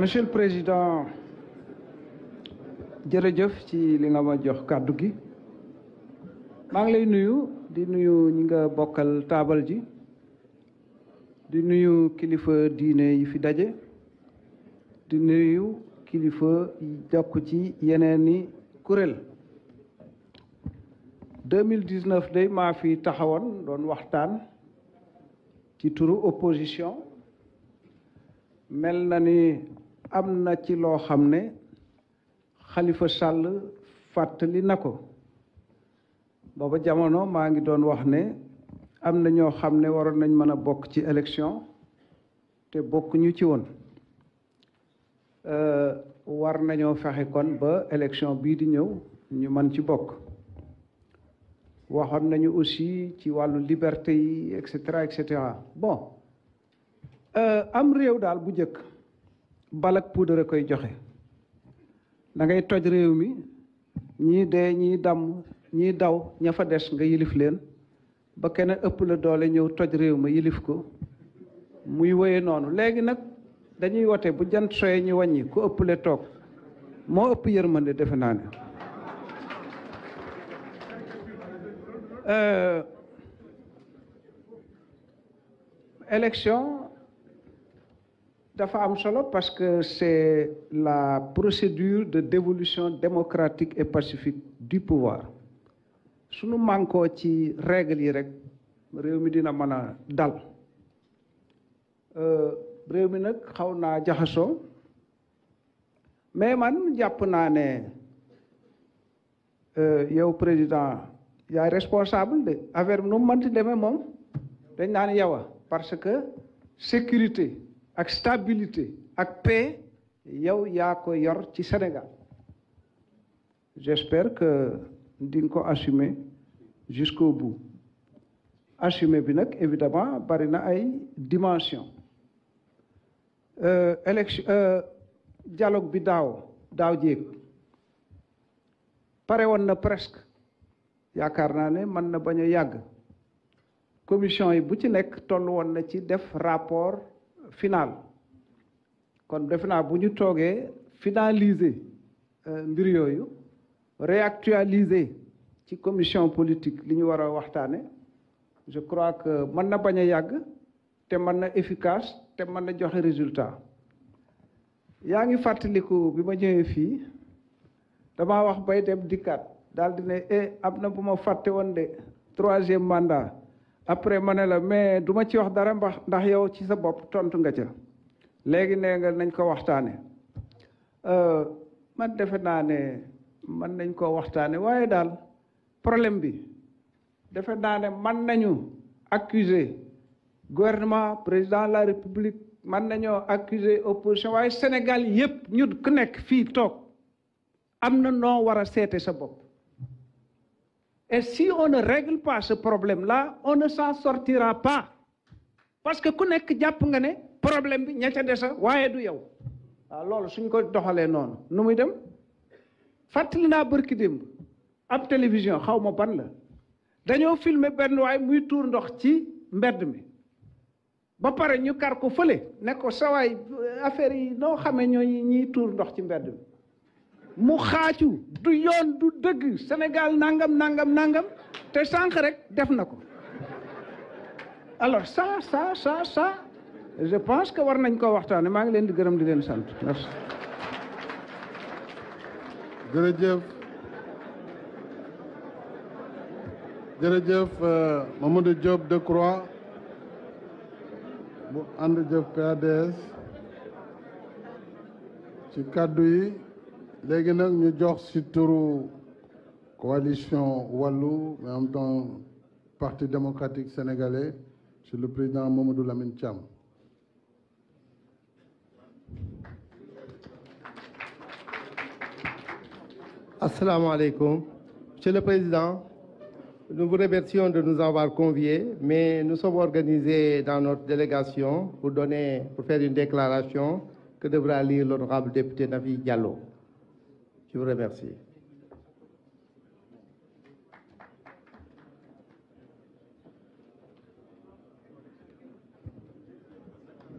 monsieur le président jërëjëf ci li nga jox kàddu gi maa ngi lay nuyu di nuyu ñi nga bokkal taabal ji di nuyu kilifa diine yi fi daje di nuyu kilifa yi jokk ci yeneeni kuréel 2019 day maa fi taxawoon doon waxtaan ci turu opposition mel na ni am na ci loo xam ne xalifa sàll fàttali na ko booba jamono maa ngi doon wax ne am na ñoo xam ne waroon nañ mën a bokk ci élection te bokk ñu ci woon euh, war nañoo fexe kon ba élection bii di ñëw ñu mën ci bokk waxoon nañu aussi ci wàllu liberté yi et cetera et cetera bon euh, am réew daal bu njëkk balak poudre koy joxe da toj réew mi ñii dee ñii damm ñii daw ña fa des nga yilif leen ba keneen ëpp la doole ñëw toj réew ma yilif ko muy woye noonu léegi nag dañuy wote bu jant soye ñu wàññi ku ëpp la toog moo ëpp yërmande defe naa ne euh, élection dafa am solo parce que c'est la procédure de dévolution démocratique et pacifique du pouvoir suñu mànkoo ci règle yi rek réew mi dina mën a dal euh, réew mi nag xaw naa jaxasoo mais man jàpp naa ne euh, yow président yaay responsable de affaire bi nu mu mënti demee moom dañ naan yow parce que sécurité ak stabilité ak paix yow yaa ko yor ci Sénégal j'espère que di ko assumer jusqu'au bout assumer bi nag évidemment bari na ay dimension euh, élection euh, dialogue bi daaw daaw jéeg pare woon na presque yaakaar naa ne mën na bañ a yàgg commission yi bu ci nekk toll woon na ci def rapport final kon defe naa bu ñu toogee finaliser euh, mbir yooyu réactualiser ci commission politique li ñu war a waxtaane je crois que man na bañ a yàgg te mën na efficace te man na joxe résultat yaa ngi fàttaliku bi ma ñëwee fii dama wax bay dem dikkaat daal di ne eh am na bu ma fàtte woon de troisième mandat après ma ne la mais duma ma ci wax dara mbax ndax yow ci sa bopp tontu nga ca léegi nee nga nañ ko waxtaane euh, man defe naa ne man nañ ko waxtaane waaye daal problème bi defe naa ne man nañu accuser gouvernement président la république man nañoo accuser opposition waaye Sénégal yépp ñu ku nekk fii toog am na noo war a seete sa bopp Et si on ne règle pas ce problème la on ne s'en sortira pas. Parce que ku nekk jàpp nga ne problème bi ña ca des waaye du yow waaw ah, loolu suñ ko doxalee noonu nu muy dem fàttali naa bërki démb ab télévision xaw ma ban la dañoo filmer benn waay muy tuur ndox ci mbedd mi ba pare ñu kar ko fële ne sawaay affaire yi noo xame ñoo ñiy tuur ndox ci mbedd mi mu xaacu du yoon du dëgg Sénégal nangam nangam nangam te sànq rek def na ko alors sa sa sa ça je pense que war nañ koo waxtaane maa ngi leen di gërëm di leen sant merci. jërëjëf jërëjëf euh, Mamadou Diop Decroix bu ànd jëf PADS ci kàddu yi. léegi nag ñu jox ci turu coalition wàllu mais en même parti démocratique sénégalais sur le président Mamadou Lamine Thiam. asalaamaaleykum monsieur le président nous vous remercions de nous avoir conviés mais nous sommes organisés dans notre délégation pour faire une déclaration que devra lire l'honorable député Nafi Diallo. Je vous remercie.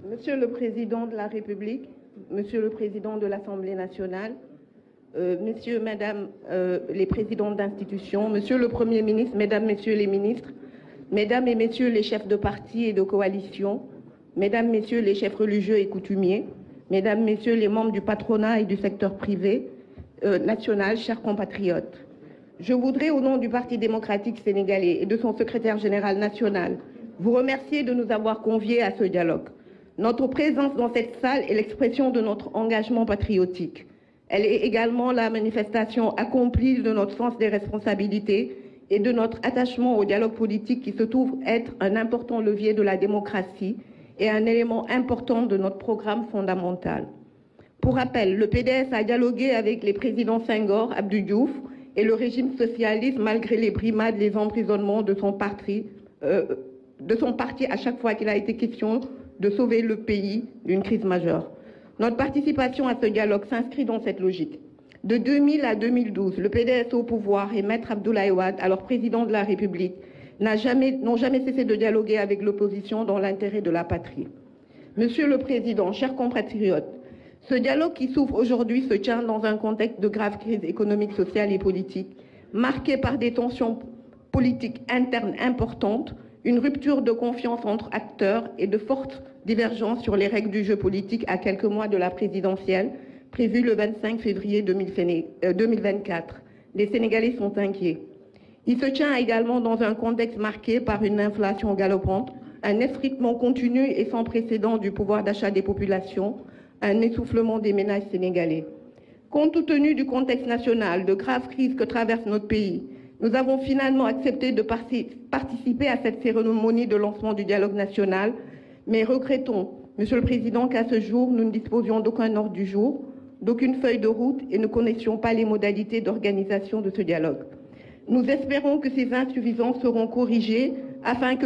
Monsieur le Président de la République, Monsieur le Président de l'Assemblée nationale, euh, Messieurs, Madame euh, les présidents d'institutions, Monsieur le Premier ministre, Mesdames, Messieurs les ministres, Mesdames et Messieurs les chefs de parti et de coalition, Mesdames, Messieurs les chefs religieux et coutumiers, Mesdames, Messieurs les membres du patronat et du secteur privé, Euh, nationale, chers compatriotes. Je voudrais, au nom du Parti démocratique sénégalais et de son secrétaire général national, vous remercier de nous avoir conviés à ce dialogue. Notre présence dans cette salle est l'expression de notre engagement patriotique. Elle est également la manifestation accomplie de notre sens des responsabilités et de notre attachement au dialogue politique qui se trouve être un important levier de la démocratie et un élément important de notre Pour rappel, le PDS a dialogué avec les présidents Senghor, Abdou Diouf et le régime socialiste malgré les brimades, les emprisonnements de son parti, euh, de son parti à chaque fois qu'il a été question de sauver le pays d'une crise majeure. Notre participation à ce dialogue s'inscrit dans cette logique. De 2000 à 2012, le PDS au pouvoir et Maître Abdoulaye Wade, alors président de la République, n'ont jamais, jamais cessé de dialoguer avec l'opposition dans l'intérêt de la patrie. Monsieur le Président, chers Ce dialogue qui s'ouvre aujourd'hui se tient dans un contexte de grave crise économique, sociale et politique, marqué par des tensions politiques internes importantes, une rupture de confiance entre acteurs et mois de la présidentielle prévue le 25 février 2024. Euh, les Sénégalais sont inquiets. Il se tient également dans un contexte continu et sans précédent du pouvoir d'achat un essoufflement des ménages sénégalais. Compte tenu du contexte national, de graves crises que traverse notre pays, nous avons finalement accepté de participer à cette cérémonie de lancement du dialogue national, mais regrettons, Monsieur le Président, qu'à ce jour, nous ne disposions d'aucun ordre du jour, d'aucune feuille de route et ne connaissions pas les modalités d'organisation de ce dialogue. Nous espérons que ces insuffisances seront corrigées afin que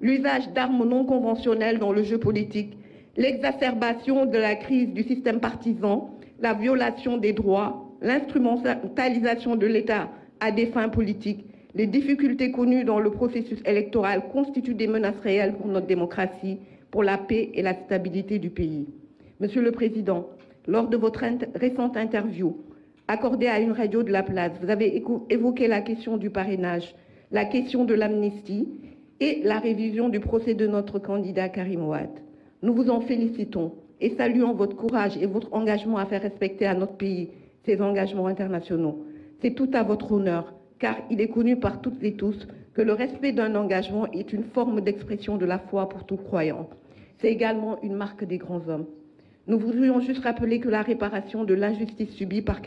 l'usage d'armes non conventionnelles dans le jeu politique, l'exacerbation de la crise du système partisan, la violation des droits, l'instrumentalisation de l'État à des fins politiques, les difficultés connues dans le processus électoral constituent des menaces réelles pour notre démocratie, pour la paix et la stabilité du pays. Monsieur le Président, lors de votre inter récente interview accordée à une radio de la place, vous avez évoqué la question du parrainage, la question et la révision du procès de notre candidat Karim Ouad. Nous vous en félicitons et saluons votre courage et votre engagement à faire respecter à notre pays ses engagements internationaux. C'est tout à votre honneur, car il est connu par toutes et tous que le respect d'un engagement est une forme d'expression de la foi pour tout croyant. C'est également une marque des grands hommes. Nous voudrions juste rappeler que la réparation de l'injustice subie par